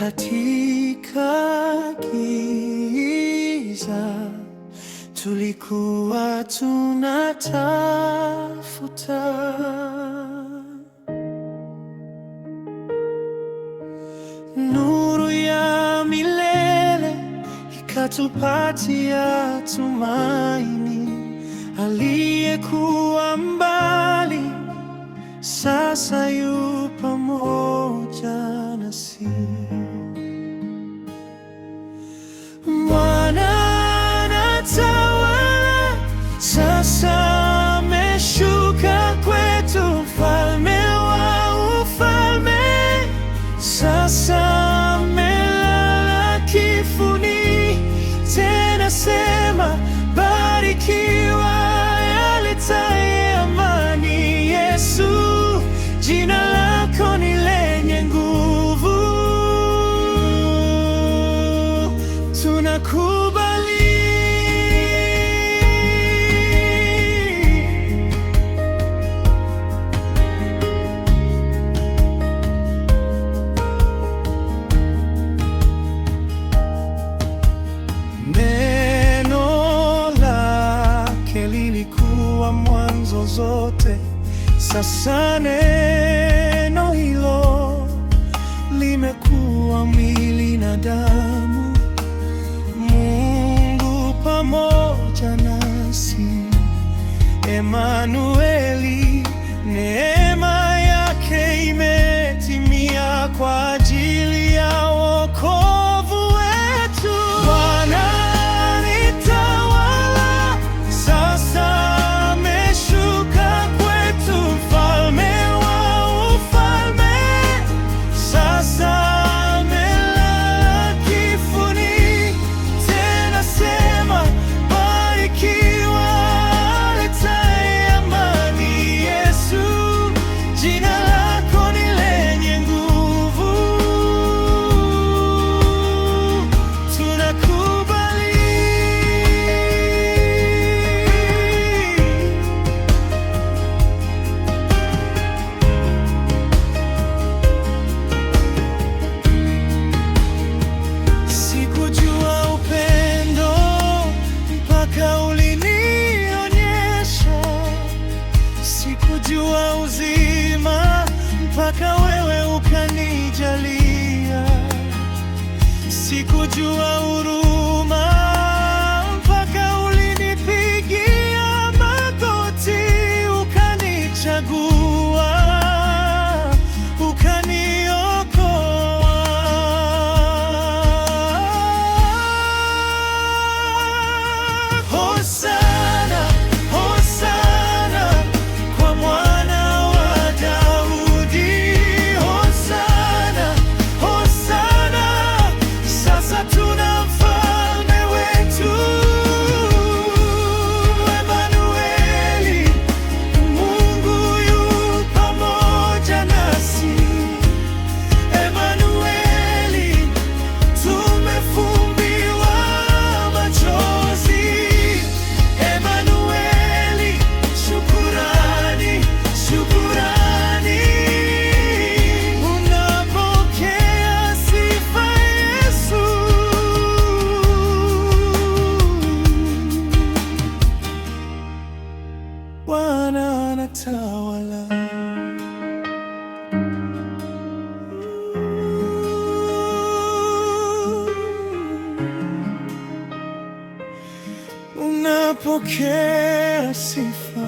katika giza tulikuwa tunatafuta, nuru ya milele ikatupatia tumaini. Aliyekuwa mbali sasa yu pamoja nasi. anasema bariki zote. Sasa neno hilo limekuwa mwili na damu, Mungu pamoja nasi, Emanueli, neema yake imetimia kwa uzima mpaka wewe ukanijalia, sikujua huruma Pokea sifa.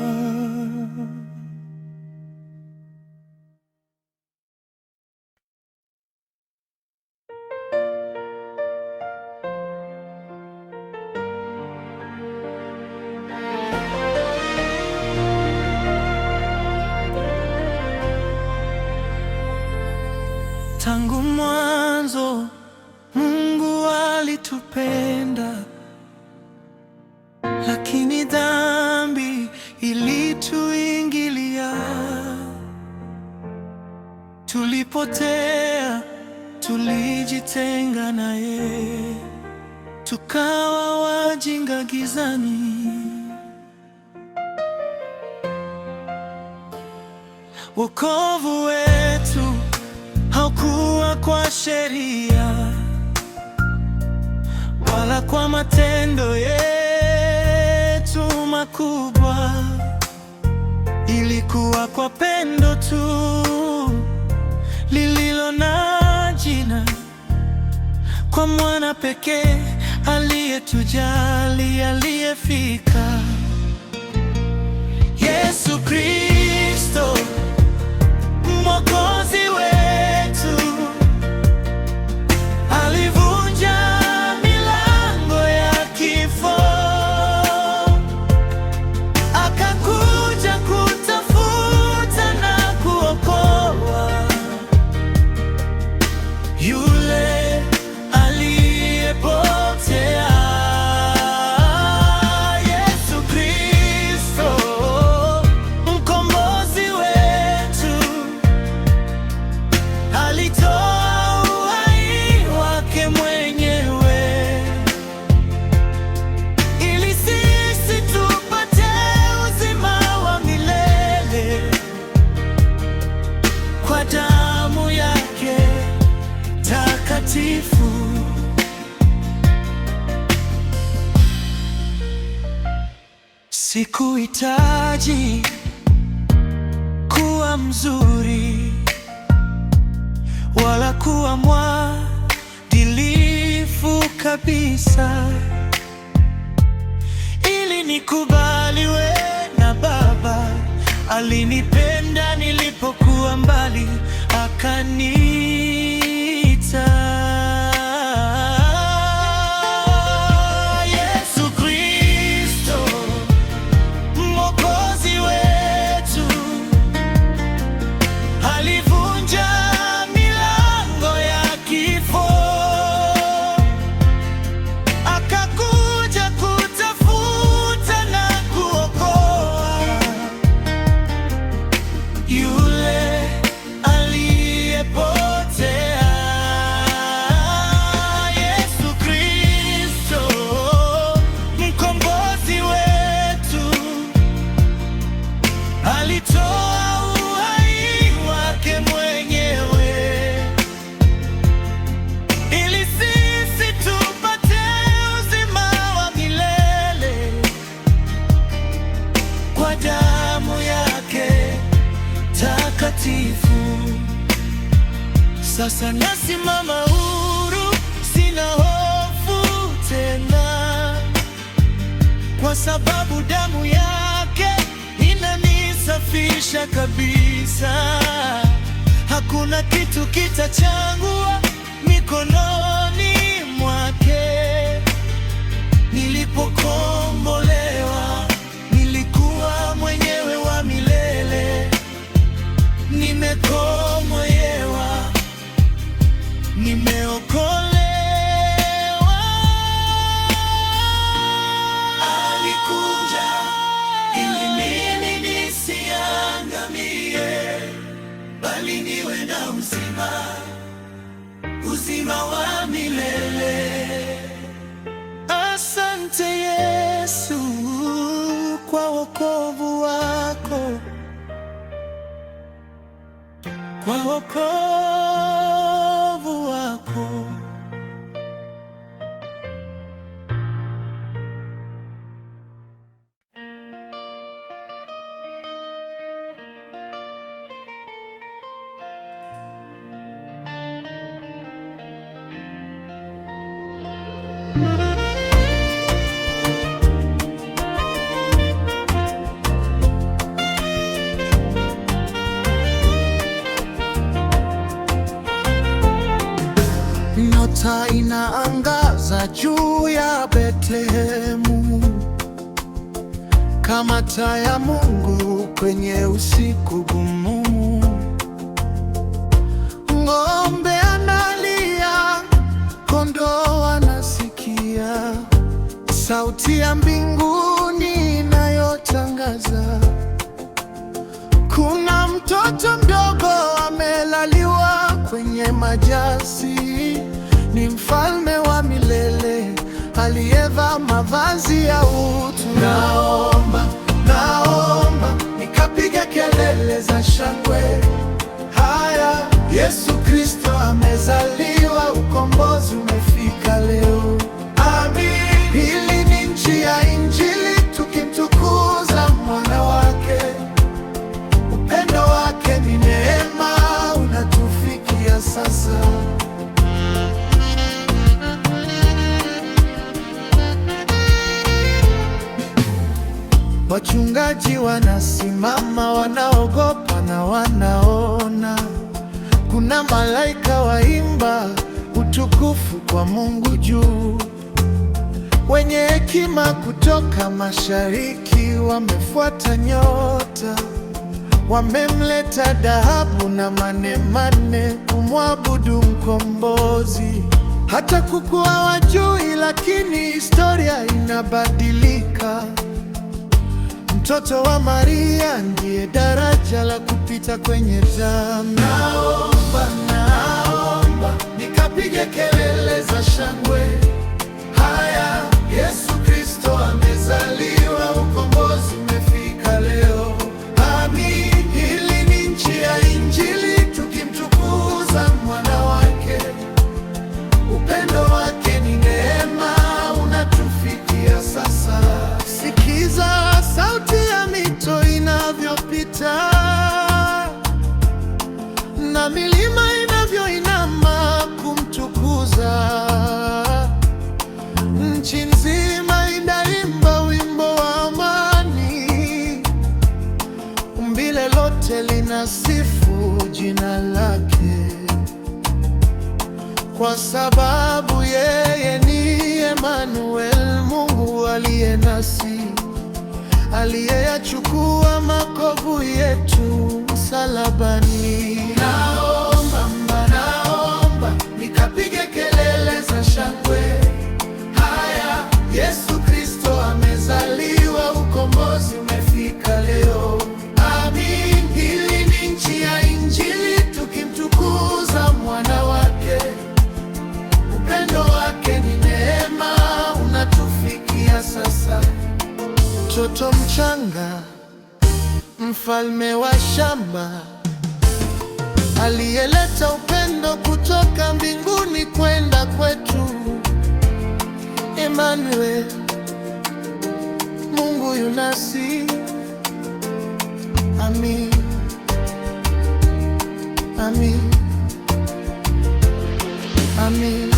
Tangu mwanzo Mungu alitupenda alipotea tulijitenga naye, tukawa wajinga gizani, wokovu wetu haukuwa kwa sheria wala kwa matendo yetu makubwa, ilikuwa kwa pendo tu lililo na jina kwa mwana pekee aliyetujali, aliyefika Yesu Kristo. Sikuhitaji kuwa mzuri wala kuwa mwadilifu kabisa ili nikubaliwe na Baba. Alinipenda nilipokuwa mbali, akaniita Sasa nasimama huru, sina hofu tena, kwa sababu damu yake inanisafisha kabisa. Hakuna kitu kitachangua woke up Iliangaza juu ya Betlehemu kama taa ya Mungu kwenye usiku gumu. Ng'ombe analia, kondoo anasikia sauti ya mbinguni inayotangaza kuna mtoto mdogo amelaliwa kwenye majasi, ni mfalme aliyevaa mavazi ya utu. Naomba, naomba nikapiga kelele za shangwe, haya, Yesu Kristo amezaliwa, ukombozi Wachungaji wanasimama, wanaogopa na wanaona, kuna malaika waimba utukufu kwa Mungu juu. Wenye hekima kutoka mashariki wamefuata nyota, wamemleta dhahabu na manemane kumwabudu Mkombozi. Hata kukuwa wajui, lakini historia inabadilika. Mtoto wa Maria ndiye daraja la kupita kwenye zama. Naomba, naomba nikapige kelele za shangwe mfalme wa shamba, aliyeleta upendo kutoka mbinguni kwenda kwetu. Emmanuel, Mungu yunasi. Amin, amin, amin.